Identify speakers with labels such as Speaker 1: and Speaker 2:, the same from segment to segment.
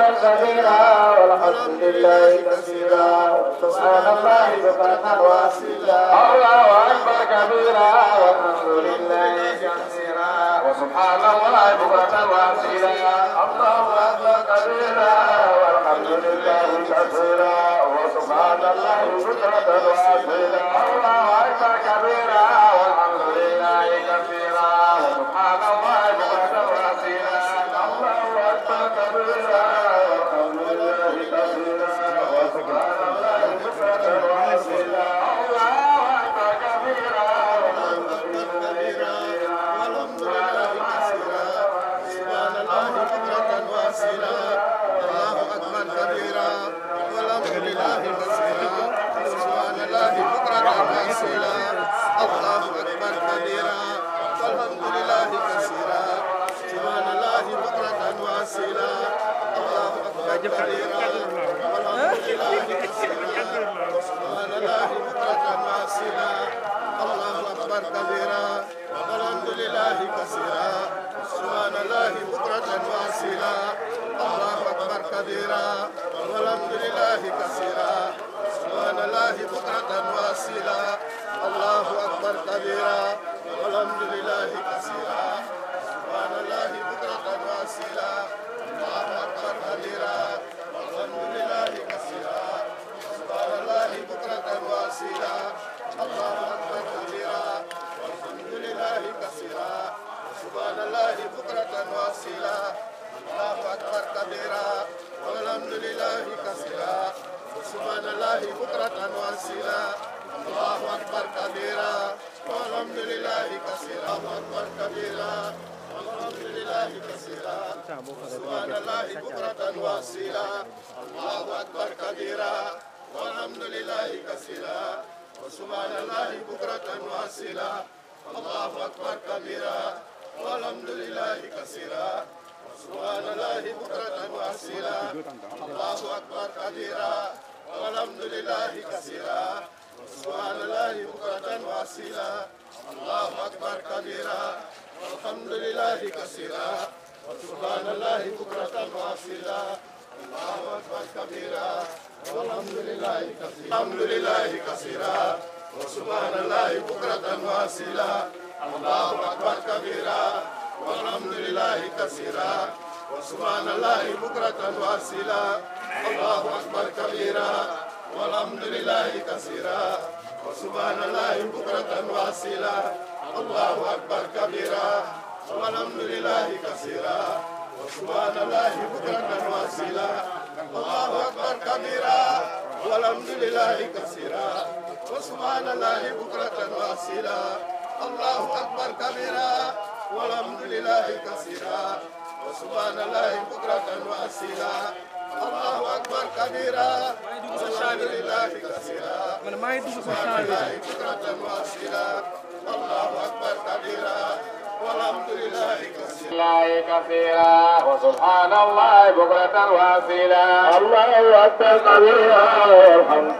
Speaker 1: حمدا كثيرا والحمد لله كثيرا سبحان الله بكرة واصيلا الله أكبر كبيرا والحمد لله كثيرا وسبحان الله بكرة واصيلا الله أكبر كبيرا والحمد لله كثيرا وسبحان الله بكرة واصيلا الله أكبر كبيرا والحمد لله كثيرا وسبحان الله بكرة واصيلا الله أكبر كبيرا verdadeira Alhamdulillah, Alhamdulillah, Alhamdulillah, Alhamdulillah, Alhamdulillah, Alhamdulillah, Alhamdulillah, Alhamdulillah, Alhamdulillah, Alhamdulillah, Alhamdulillah, subhanallah bukratan wa asila Allahu akbar kabira Alhamdulillahi kasira wa subhanallah bukratan wa asila Allahu akbar kabira walhamdulillahi kasira alhamdulillahi kasira wa subhanallah bukratan wa asila Allahu akbar kabira Alhamdulillahi kasira wa subhanallah bukratan wa asila Allahu akbar kabira walhamdulillahi kasira wa subhanallahi bukratan wa asila Allahu akbar kabira walhamdulillahi kasira wa subhanallahi bukratan wa asila Allahu akbar kabira walhamdulillahi kasira wa subhanallahi bukratan wa asila Allahu akbar kabira walhamdulillahi kasira wa subhanallahi bukratan wa asila الله أكبر كبيرا والحمد لله كثيرا ولله فكرة واصلا الله أكبر كبيرا والحمد لله كثيرا وسبحان الله بكرة واصلا الله أكبر كبيرا والحمد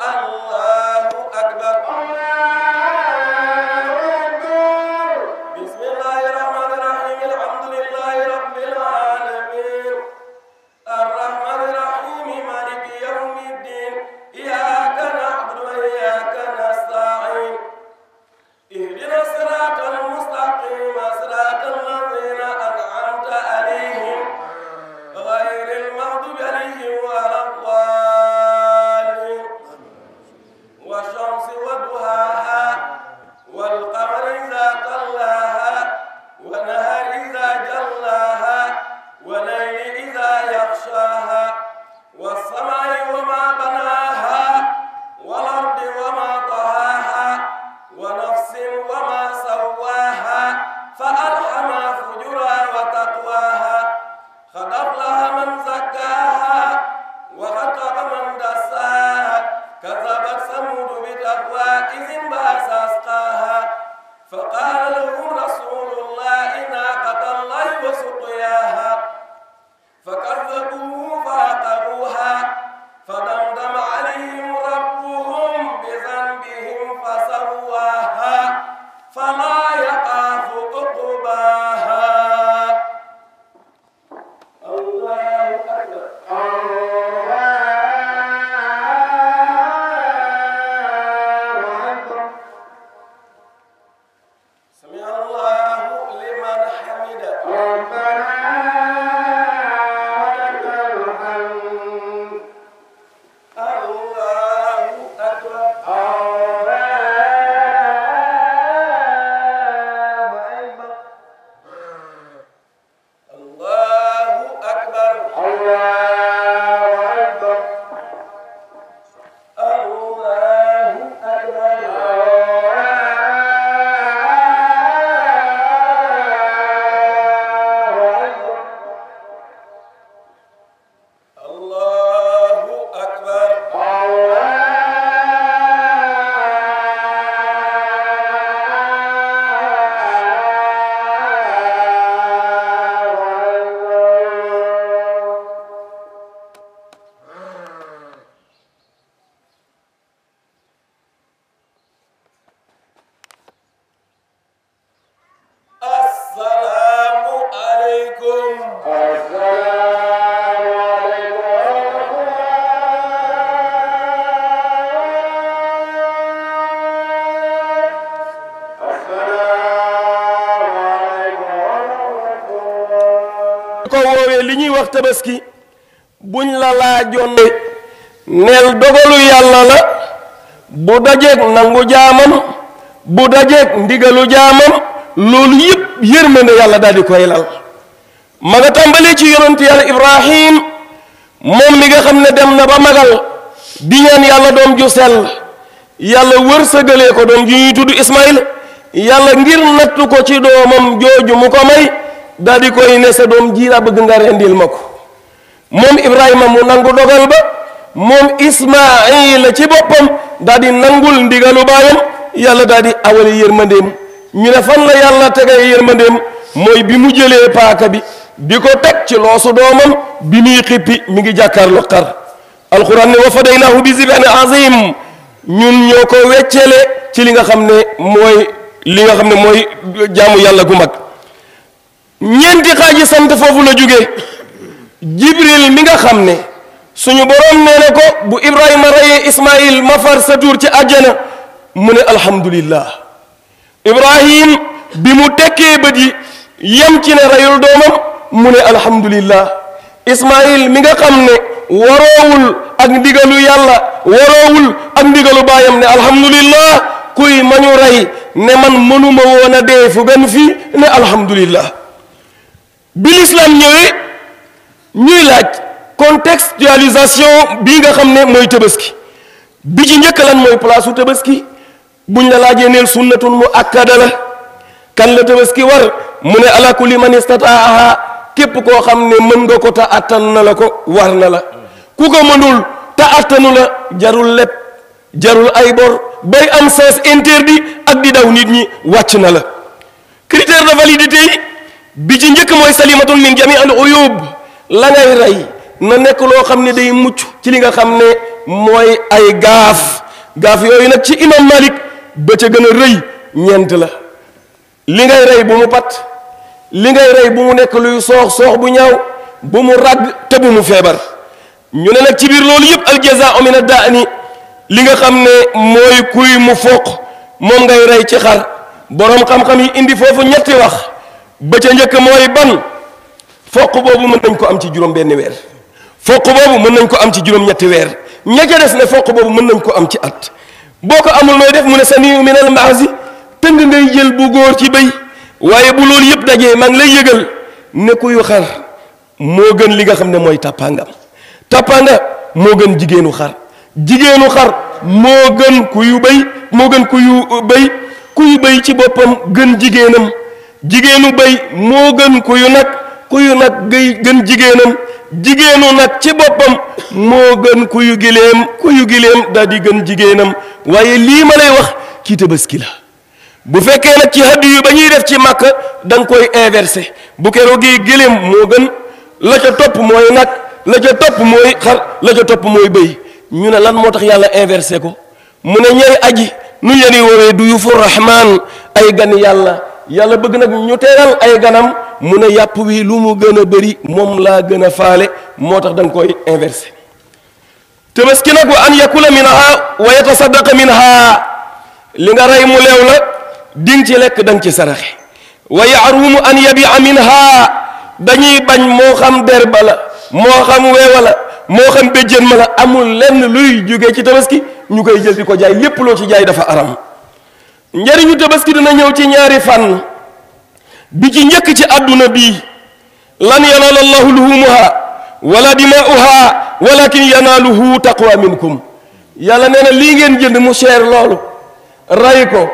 Speaker 2: up. jox tabaski buñ la laajoon ne neel dogalu yàlla la bu dajeeg nangu jaamam bu dajeeg ndigalu jaamam loolu yépp yërmande yàlla daal di koy lal ma tàmbalee ci yonent yàlla ibrahim moom mi nga xam ne dem na ba magal di ñaan yàlla doom ju sell yàlla wërsëgalee ko doom ju ñuy tudd ismail yàlla ngir nattu ko ci doomam jooju mu ko may daal di koy ne sa doom ji bëgg nga rendil ma ko moom Ibrahima mu nangu dogal ba moom Ismaayila ci boppam daal di nangul ndigalu baayam yàlla daal di awale yërmandeem ñu ne fan la yàlla tegee yërmandeem mooy bi mu jëlee paaka bi bi ko teg ci loosu doomam bi muy xippi mu ngi jàkkaarloo xar
Speaker 1: alxuraan ne wa fadaynaahu bi zibhin azim
Speaker 2: ñun ñoo ko weccele ci li nga xam ne mooy li nga xam ne mooy jaamu yàlla gu mag ñeenti xaaji sant foofu la jóge jibril mi nga xam ne suñu boroom nee na ko bu ibrahima reyee ismail ma far sa tuur ci àjjana mu ne alhamdulillah ibrahim bi mu tekkee bët yi yem ci ne reyul doomam mu ne alhamdulillah ismail mi nga xam ne waroowul ak ndigalu yàlla waroowul ak ndigalu baayam ne alhamdulillah kuy mañu rey ne man mënuma woon dee fu benn fii ne alhamdulillah bi lislaam ñëwee ñuy laaj contextualisation bii nga xam ne mooy tabaski bi ci njëkk lan mooy place u tabaski buñ la laajee neel sunnatun mu akkada la kan la tabaski war mu ne ala kulli man istataaha képp koo xam ne mën nga ko te attan na la ko war na la ku ko mënul te attanu la jarul lépp jarul ay bor bay am sens interdit ak di daw nit ñi wàcc na la critère de validité yi bi ci njëkk mooy salimatun min jami al uyub la ngay rey na nekk loo xam ne day mucc ci li nga xam ne mooy ay gaaf gaaf yooyu nag ci imam malik ba ca gën a rëy ñeent la li ngay rey bu mu pat li ngay rey bu mu nekk luy soox soox bu ñaaw bu mu ràgg te mu feebar ñu ne nag ci biir loolu yëpp aljazaa'u mina daani li nga xam ne mooy kuy mu foq moom ngay rey ci xar boroom xam-xam yi indi foofu ñetti wax ba ca njëkk mooy ban foq boobu mën nañ ko am ci juróom benn weer foq boobu mën nañ ko am ci juróom-ñetti weer ña des ne foq boobu mën nañ koo am ci at boo ko amul nooy def mu ne sa niu minal maasi tëng ngay jël bu góor ci béy waaye bu loolu yëpp dajee maa lay yëgal ne kuyu xar moo gën li nga xam ne mooy tappaangam tàppaanga moo gën jigéenu xar jigéenu xar moo gën kuyu béy moo gën kuyu béy kuyu béy ci boppam gën jigéenam jigéenu béy moo gën kuyu nag kuyu nag gay gën jigéenam jigéenu nag ci boppam moo gën kuyu gileem kuyu gileem daal di gën jigéenam waaye lii ma lay wax ci tabaski la bu fekkee nag ci haddu yu ba ñuy def ci màkk danga koy inversé bu keroogee gileem moo gën la ca topp mooy nag la ca topp mooy xar la ca topp mooy béy ñu ne lan moo tax yàlla inversé ko mu ne ñay aji nu ñu leen du yu fu ay gan yàlla yàlla bëgg nag ñu teeral ay ganam mu ne yàpp wi lu mu gën a bari moom laa gën a faale moo tax da nga koy inversé tabaski nag wa an yakula minha wa yatasaddaqa minha li nga rey mu leew la din ci lekk da nga ci saraxe wa yaarumu an yabia minha dañuy bañ moo xam der la moo xam weewa la moo xam béjjén ma la amul lenn luy jógee ci tabaski ñu koy jël di ko jaay lépp loo ci jaay dafa aram njariñu tabaski dina ñëw ci ñaari fànn bi ci njëkk ci àdduna bi lan yanaala allahu luhumuha wala dimaauha walakin yanaaluhu taqwa minkum yàlla nee na lii ngeen jënd mu cher loolu ray ko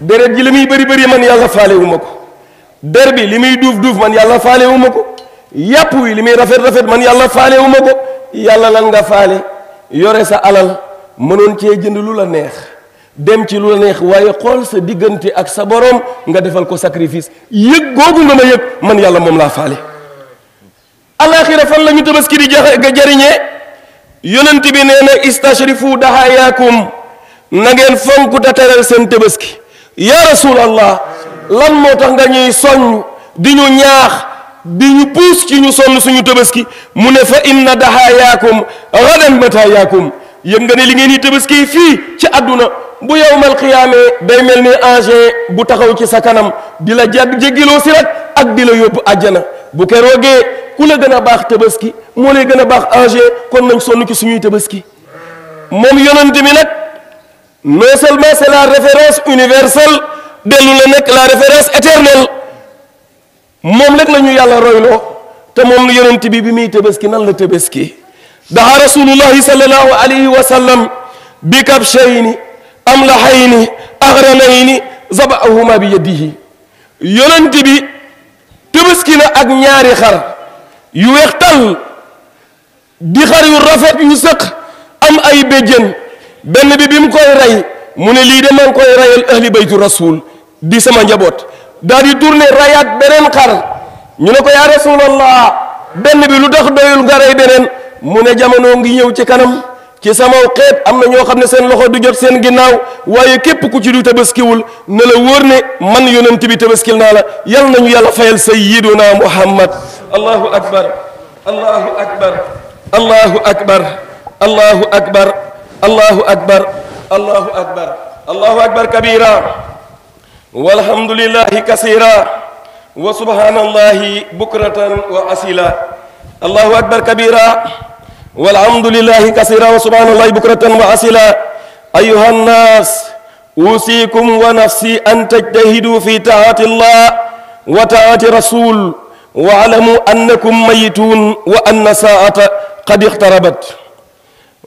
Speaker 2: deret ji li muy bëri bëri man yàlla faalewu ma ko der bi li muy duuf duuf man yàlla faalewu ma ko yàpp wi li muy rafet rafet man yàlla faalewu ma ko yàlla lan nga faale yore sa alal mënoon cee jënd lu la neex dem ci lu neex waye xol sa diggante ak sa borom nga defal ko sacrifice yeg gogu nga ma yeg man yalla mom la faale alaxira fan lañu tabaski di jaxe ga jariñee yonent bi neena istashrifu dahayakum na ngeen fonku da teral sen tabaski ya rasul allah lan moo tax nga ñuy soññ di ñu ñaax di ñu puus ci ñu sonn suñu tabaski mune fa inna dahayaakum gadan matayaakum yëg nga ne li ngeen ni tabaski fi ci aduna bu yowmal xiyaamee day mel ni ange bu taxaw ci sa kanam di la jag jéggiloo si rek ak di la yóbbu àjjana bu keroogee ku la gën a baax tabaski moo lay gën a baax ange kon nañ sonn ci suñuy tabaski moom yonent bi nag non seulement c'est la référence universelle dellu la nekk la référence éternelle moom rek la ñu yàlla royloo te moom yonent bi bi muy tabaski nan la tabaski daa rasulullahi sallallahu alayhi wa sallam bi kab shayni am amlaxayni axranayni zabaahuma bi yadihi yonent bi tëbaski na ak ñaari xar yu weex tal di xar yu rafet yu sëq am ay béjjén benn bi bi mu koy rey mu ne lii de maa ngi koy reyal ahli baytu rasul di sama njaboot daal di tourné rayaat beneen xar ñu ne ko yaa rasulallah benn bi lu tax doyul nga rey beneen mu ne jamono ngi ñëw ci kanam ci sama xet amna ño xamne seen loxo du jot seen ginnaw waye kep ku ci du tabaskiwul ne la wóor ne man yonent bi tabaskil na la yal nañu yàlla fayal sayyiduna muhammad allahu akbar allahu akbar allahu akbar allahu akbar allahu akbar allahu akbar allahu akbar kabira walhamdulillahi kasira wa subhanallahi bukratan wa asila allahu akbar kabira والحمد لله كثيرا وسبحان الله بكرة وأصيلا أيها الناس أوصيكم ونفسي أن تجتهدوا في طاعة الله وطاعة رسول واعلموا أنكم ميتون وأن ساعة قد اقتربت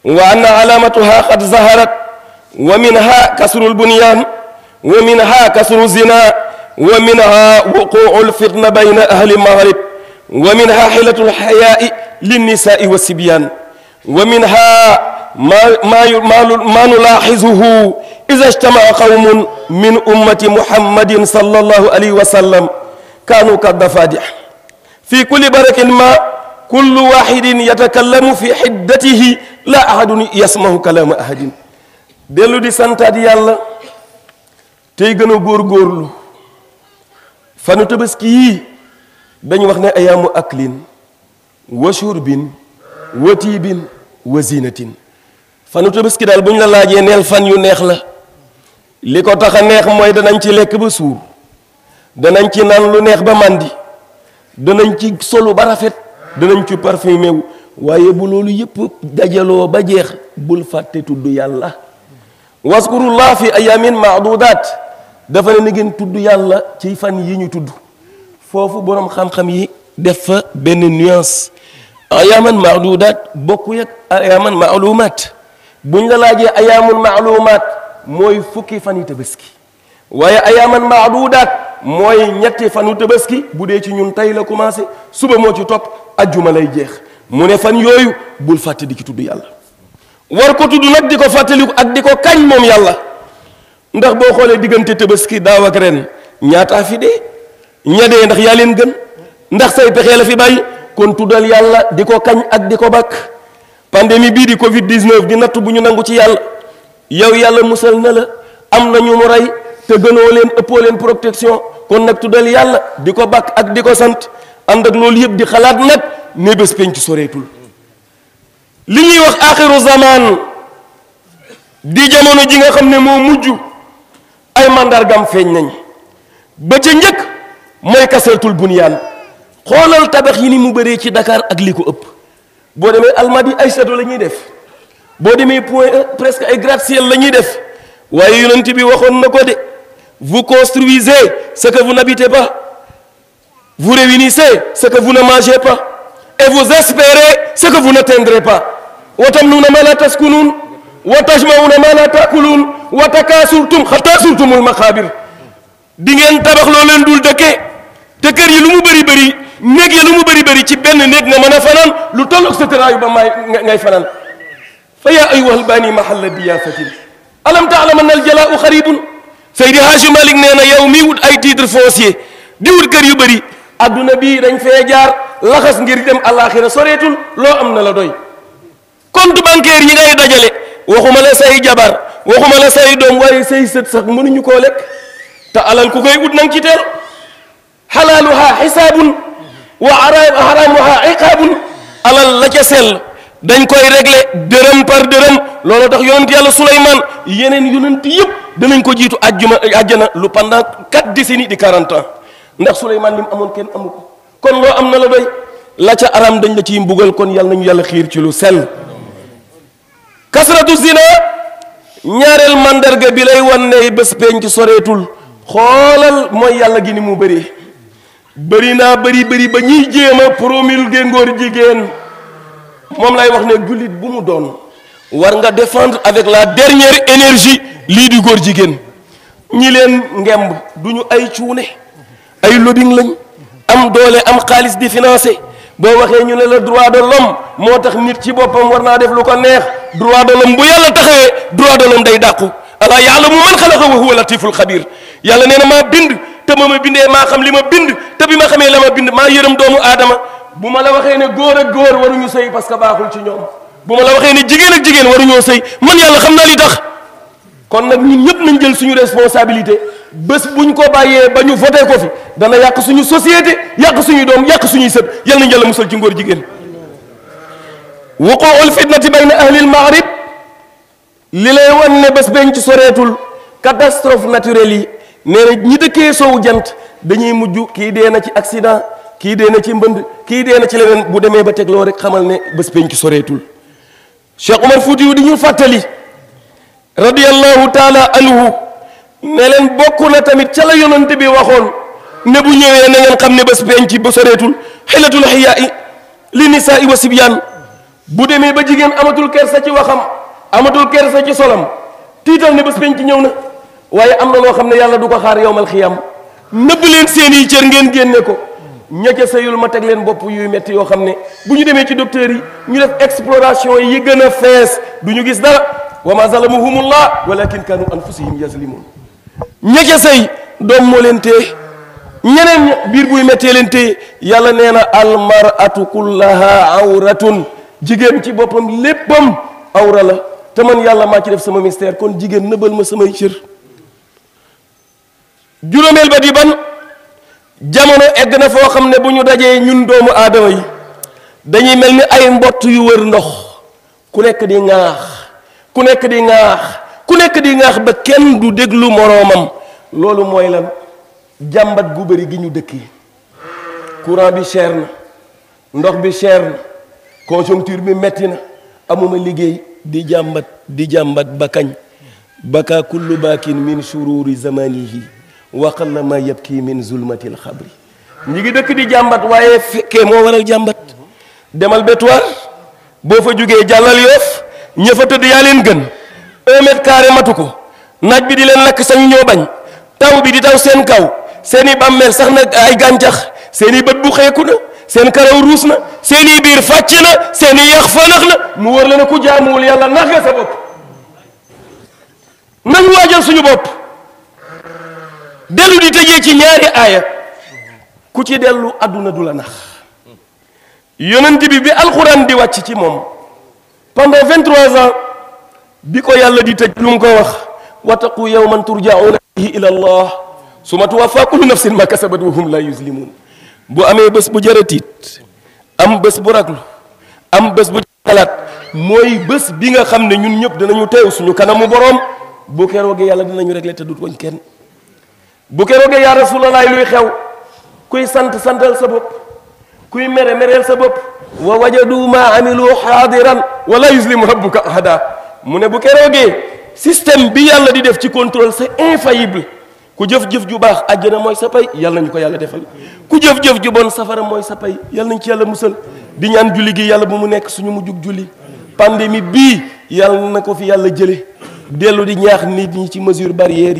Speaker 2: وأن علامتها قد ظهرت ومنها كسر البنيان ومنها كسر الزنا ومنها وقوع الفتن بين أهل المغرب ومنها حيلة الحياء للنساء والسبيان ومنها ما, ما, ما, ما نلاحظه إذا اجتمع قوم من أمة محمد صلى الله عليه وسلم كانوا كالضفادع في كل برك ما كل واحد يتكلم في حدته لا أحد يسمع كلام أحد dellu di santaat yàlla tey gën a góorgóorlu fanu tabaski yii dañu wax ne ayaamu aklin wa shurbin wa tiibin wasinatin fanu tabaski daal bu ñu la laajee neel fan yu neex la li ko tax a neex mooy danañ ci lekk ba suur danañ ci naan lu neex ba màndi danañ ci solu ba rafet danañ ci parfumé waaye bu loolu yépp dajaloo ba jeex bul fàtte tudd yàlla waskurullah fi ayamin maadudaat dafa ne na ngeen tudd yàlla ci fan yi ñu tudd foofu boroom xam-xam yi def fa benn nuance ayaaman maaludaat bokku ak ayaaman maalumaat buñ la laajee ayaamun maalumaat mooy fukki fan yu tabaski waaye ayaaman maadudaat mooy ñetti fanu tabaski bu dee ci ñun tey la commencé suba moo ci topp ajjuma lay jeex mu ne fan yooyu bul fàtte di ci tudd yàlla war ko tudd nag di ko fàttaliku ak di ko kañ moom yàlla ndax boo xoolee diggante tabaski daaw ak ren ñaataa fi dee ña ndax yaa leen gën ndax say pexe la fi bàyyi kon tuddal yàlla di ko kañ ak di ko bakk pandémie bii di Covid 19 di natt bu ñu nangu ci yàlla yow yàlla musal na la am na ñu mu rey te gënoo leen ëppoo leen protection kon nag tuddal yàlla di ko bakk ak di ko sant ànd ak loolu yëpp di xalaat nag ne bés penc soreetul li ñuy wax axiru zaman di jamono ji nga xam ne moo mujj ay mandargam feeñ nañ ba ca njëkk mooy bun yàlla xoolal tabax yi ni mu bëree ci Dakar ak li ko ëpp boo demee Almadies ay château la ñuy def boo demee Point presque ay gratte-ciel la ñuy def waaye yonent bi waxoon na ko de vous construisez ce que vous n'habitez pas vous réunissez ce que vous ne mangez pas et vous espérez ce que vous n'atteindrez pas watam tamnuuna maa laa taskunuun wa tajma'uuna maa laa taakuluun wa takaasurtum hatta surtumul maqaabir di ngeen tabax loo leen dul dëkke te kër yi lu mu bëri bëri néeg ya lu mu bëri bëri ci benn néeg nga mën a fanaan lu toll ak sa tëraayu ba maay ngay fanaan fa yaa ayyuhal baani mahalla diyaafatin alam taalam anna al jalaau xaribun Seydi Hadji Malick nee na yow mii wut ay titre foncier di wut kër yu bëri adduna bii dañ fee jaar laxas ngir dem alaxira soreetul loo am na la doy compte bancaire yi ngay dajale waxuma la say jabar waxuma la say doom waaye say sët sax mënuñu koo lekk te alal ku koy ut nang ci teel xalaaluha xisaabun wa haramuha iqabun alal la ca sel dañ koy régler deureum par deureum lolo tax yonent yalla sulayman yenen yonent yëpp dañ ko jitu aljuma aljana lu pendant 4 décennies di 40 ans ndax sulayman lim amoon ken amu kon lo amna la doy la ca aram dañ la ci mbugal kon yalla ñu yalla xir ci lu sel kasratu zina ñaarel mandarga bi lay wonne bes penc soretul xolal moy yalla gi ni mu bëree bari naa bëri bari ba ñuy jéem a promulguer ngóor jigéen moom lay wax ne jullit bu mu doon war nga défendre avec la dernière énergie lii di góor jigéen ñi leen ngemb du ñu ay cuune ay lobbying lañ am doole am xaalis di financer boo waxee ñu ne la droit de l'homme moo tax nit ci boppam war naa def lu ko neex droit de l'homme bu yàlla taxawee droit de l'homme day dàqu alaa ya'lamu man xalaqa wa huwa latiful xabiir yàlla nee na maa bind te ma ma bindee maa xam li ma bind te bi ma xamee la ma bind maa yërëm doomu aadama bu ma la waxee ne góor ak góor waruñu sëy parce que baaxul ci ñoom bu ma la waxee ne jigéen ak jigéen waruñoo sëy man yàlla xam naa li tax kon nag ñun ñëpp nañ jël suñu responsabilité bés bu ñu ko bàyyee ba ñu voté ko dana yàq suñu société yàq suñu doom yàq suñuy sët yal nañ yàlla musal ci ngóor jigéen wuquul fitnati bayna ahlil maghrib li lay wan ne bés benn ci soreetul catastrophe naturelle yi nee na ñi dëkkee sowu jant dañuy mujj kii dee na ci accident kii dee na ci mbënd kii dee na ci leneen bu demee ba tegloo rek xamal ne bés penc soreetul Cheikh Omar Foutiyu di ñu fàttali radiyallahu taala anhu ne leen bokk na tamit ca la yonante bi waxoon ne bu ñëwee na xam ne bés ci ba soreetul xilatul xiyaa i li nisaa i wa sibyaan bu demee ba jigéen amatul kersa ci waxam amatul kersa ci solam tiital ne bés ci ñëw na waaye am na loo xam ne yàlla du ko xaar yowmal xiyam nëbb leen seen i cër ngeen génne ko ña ca ma teg leen bopp yuy metti yoo xam ne bu ñu demee ci docteur yi ñu def exploration yi gën a fees du ñu gis dara wa ma zalamuhumullah walakin kanu anfusihim yazlimun ña ca sëy doom moo leen téye ñeneen biir buy méttee leen téye yàlla nee na almaratu kullaha awratun jigéen ci boppam léppam awra la te man yàlla maa ci def sama mystère kon jigéen nëbal ma samay cër juróomeel ba di ban jamono egg na foo xam ne bu ñu dajee ñun doomu aadama yi dañuy mel ni ay mbott yu wër ndox ku nekk di ŋaax ku nekk di ŋaax ku nekk di ŋaax ba kenn du déglu moroomam loolu mooy lan jàmbat gu bari gi ñu dëkk yi courant bi cher na ndox bi cher na conjoncture bi metti na amuma liggéey di jàmbat di jàmbat ba kañ baka kullu baakin min sururi zamanihi waqal na ma yëpp kii min zulmatil xabri ñi ngi dëkk di jàmbat waaye fekkee moo waral jàmbat demal bétuwaar boo fa jógee jàllal yoof ña fa tëdd yaa leen gën un mètre matu ko naaj bi di leen lakk sañu ñoo bañ taw bi di taw seen kaw seeni bàmmeel sax na ay gàncax seeni bët bu xeeku na seen karaw ruus na seeni biir fàcc na seeni yax fanax na mu wër la ne ku jaamuwul yàlla nax nga sa bopp nañ waajal suñu bopp delu di tëjee ci ñaari aya ku ci delu aduna dula nax yonent bi bi alquran di wacc ci mom pendant 23 ans bi ko di tej lu watakuya ko wax wataqu yawman turjauna ila allah suma tuwafa kullu nafsin ma kasabat wa hum la yuzlimun bu amé bes bu jëra am bes bu raglu am bes bu xalaat moy bes bi nga ñun ñep dinañu suñu kanamu borom bu yalla dinañu régler té dut wañ kenn bu keroogee ya rasulallah luy xew kuy sant santal sa bop kuy méré mereel sa bop wa wajadu ma amilu wa wala yuzlimu rabbuka ahada mune ne bu keroogee système bi yalla di def ci contrôle c'est infaillible ku jëf-jëf ju bax aljana moy sa pay yalla nañu ko yalla defal ku jëf-jëf ju bon safara moy sa pay yalla nañ ci yalla musal di ñaan julli gi yalla bu mu nekk suñu mu juk julli pandémie bi yalla nako fi yalla jëlé delu di ñaax nit ñi ci mesure barrière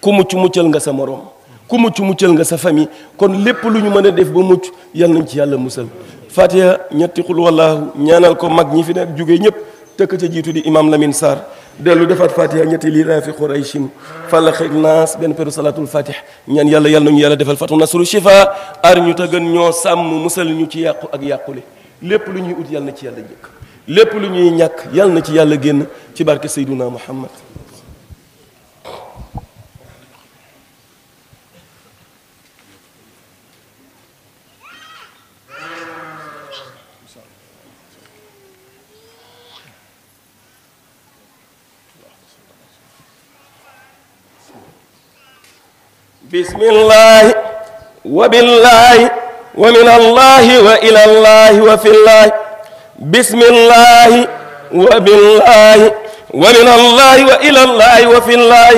Speaker 2: ku mucc muccal nga sa moroom ku mucc muccal nga sa famille kon lépp lu ñu mën a def ba mucc yàlla nañ ci yàlla musal fatiha ñetti xul wallaahu ñaanal ko mag ñi fi nekk jóge ñëpp tëkk ca jiitu di imam Lamine Sarr dellu defaat fatiha ñetti lii raafi qurayshin fàlla xeeg naas benn peru salaatul fatih ñaan yàlla yàlla nañu yàlla defal fatu nasru shifa aar ñu te gën ñoo sàmm musal ñu ci yàqu ak yàqule lépp lu ñuy ut yàlla na ci yàlla jëkk lépp lu ñuy ñàkk yàlla na ci yàlla génn ci barke sayduna muhammad
Speaker 1: بسم الله
Speaker 2: وبالله ومن الله وإلى الله وفي الله بسم الله وبالله ومن الله وإلى الله وفي الله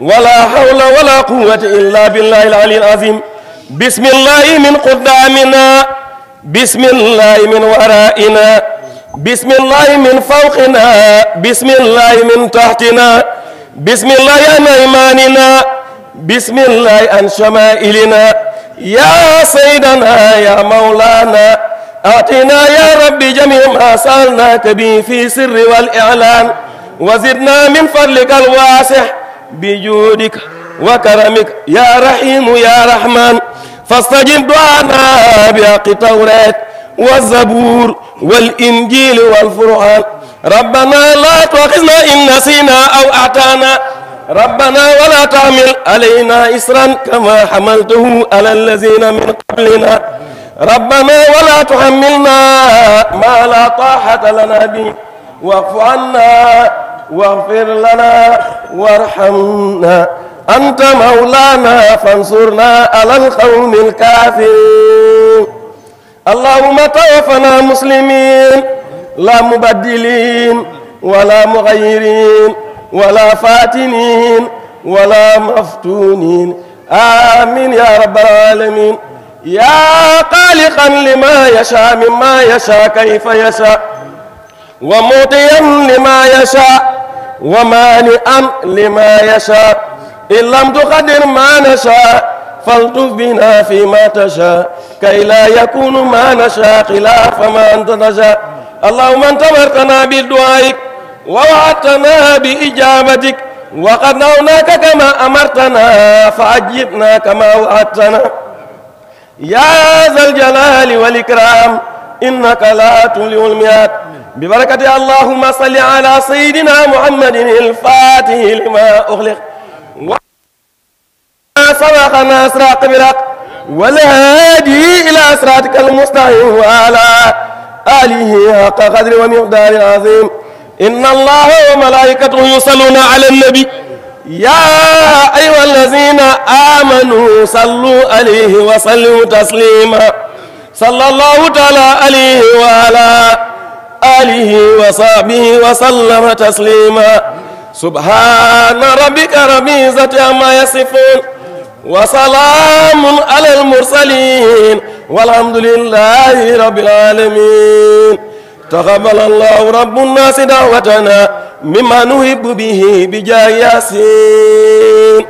Speaker 2: ولا حول ولا قوة إلا بالله العلي العظيم بسم الله من قدامنا بسم الله من ورائنا بسم الله من فوقنا بسم الله من تحتنا بسم الله يا أيماننا بسم الله عن شمائلنا يا سيدنا يا مولانا أعطنا يا ربي جميع ما سألناك به في سر والإعلان وزدنا من فضلك الواسع بجودك وكرمك يا رحيم يا رحمن فاستجب دعانا بحق التوراة والزبور والإنجيل والفرعان ربنا لا تؤاخذنا إن نسينا أو أعتانا ربنا ولا تعمل علينا إسرا كما حملته على الذين من قبلنا ربنا ولا تحملنا ما لا طاحة لنا به واعف عنا واغفر لنا وارحمنا أنت مولانا فانصرنا على القوم الكافرين اللهم توفنا مسلمين لا مبدلين ولا مغيرين ولا فاتنين ولا مفتونين آمين يا رب العالمين يا قالقا لما يشاء مما يشاء كيف يشاء ومطيا لما يشاء ومانئا لما يشاء إن لم تقدر ما نشاء فالطف بنا فيما تشاء كي لا يكون ما نشاء خلاف ما أنت تشاء اللهم انت بالدعائك ووعدتنا بإجابتك وقدرناك كما أمرتنا فأجبنا كما وعدتنا يا ذا الجلال والإكرام إنك لا تولي الميات ببركة اللهم صل على سيدنا محمد الفاتح لما أغلق سبق ناصر قبلك والهادي إلى صراطك المستقيم وعلى آله حق قدر ومقدار عظيم إن الله وملائكته يصلون على النبي يا أيها الذين آمنوا صلوا عليه وسلموا تسليما صلى الله تعالى عليه وعلى آله وصحبه وسلم تسليما سبحان ربك رب العزة عما يصفون وسلام على المرسلين والحمد لله رب العالمين تقبل الله رب الناس دعوتنا مما نحب به بجاه ياسين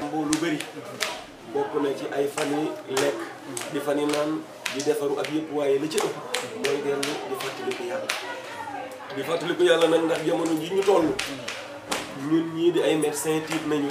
Speaker 2: mbo lu bëri bokk na ci ay fan yi lekk di fan yi naan di defaru ak yëpp waaye li ci ëpp mooy dellu di fàttaliku yàlla di fàttaliku yàlla nag ndax jamono ji ñu toll ñun ñii di ay médecin tiit nañu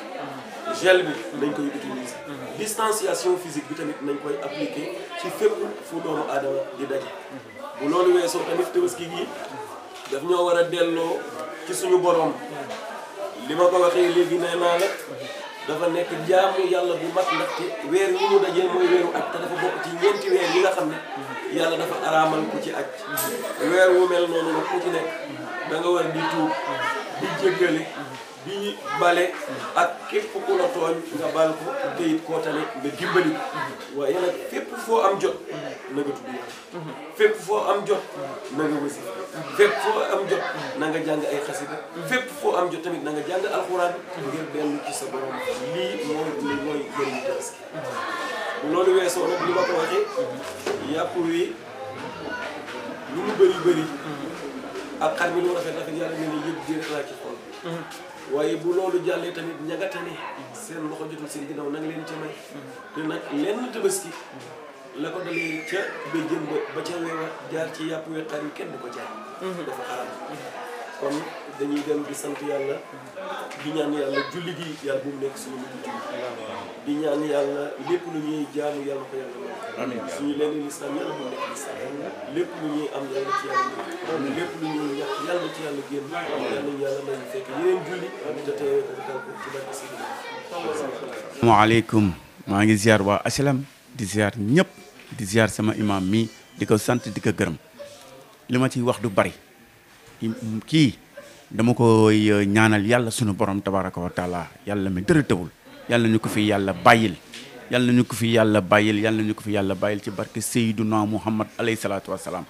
Speaker 2: gel bi dañ koy utiliser. distanciation physique bi tamit nañ koy appliquer ci fépp fu doomu aadama di daje. bu loolu weesoo tamit tabaski gi daf ñoo war a delloo ci suñu borom. li ma ko waxee léegi nee naa la dafa nekk jaamu yàlla bu mat ndaxte weer yi ñu dajee mooy weeru aj te dafa bokk ci ñeenti weer yi nga xam ne yàlla dafa araamal ku ci aj weer wu mel noonu nag ku ci nekk da nga war di tuub di jéggale bi bale ak képp ku la tooñ nga bal ko te it koo tane waaye nag na nga tudd foo am jot na nga wasi fépp foo am jot na nga jàng ay xasida fépp foo am jot tamit na nga jàng alxuraan ngir dellu ci sa borom lii mooy li mooy jëriñu tabaski loolu weesoo nag li ma ko waxee yàpp wi lu mu bëri bëri ak xar mi lu rafet rafet yàlla nee na yëpp di rek laa ci xool waaye bu loolu jàllee tamit ñagatane seen loxo jotul seen ginnaaw nag leen ca may te nag lenn tabaski la ko dalee ca ba jëm ba ca weewa jaar ci yàpp we xar yi kenn du ko jaay mhm. dafa xaram kon dañuy dem di sant yàlla di ñaan yàlla julli gi yàlla bu mu nekk suñu mujj julli di ñaan yàlla lépp lu ñuy jaamu yàlla ko yàlla amiin suñu leen di lislaam yàlla bu nekk lislaam lépp lu ñuy am yàlla ci yàlla génn lépp lu ñuy ñàkk yàlla ci yàlla génn yàlla ñu yàlla may fekk yeneen julli te
Speaker 1: teewee ko dal ko ci barke si
Speaker 2: asalaamaaleykum maa ngi ziar waa HLM di ziar ñëpp di ziar sama imam mi di ko sant di ko gërëm li ma ciy wax du bari kii dama koy ñaanal yàlla sunu borom tabaraka wa taala yàlla mi dërëtawul yàlla ñu ko fi yàlla bàyyil yal na ñu ko fi yàlla bàyyil yal na ñu ko fi yàlla bàyyil ci barke Seyduna Muhammad alayhi salaatu wasalaam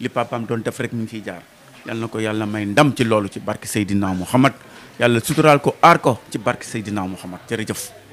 Speaker 2: li papaam doon def rek mi ngi fiy jaar yal na ko yàlla may ndam ci loolu ci barke Seydina Muhammad yàlla suturaal ko aar ko ci barke Seydina Muhammad jërëjëf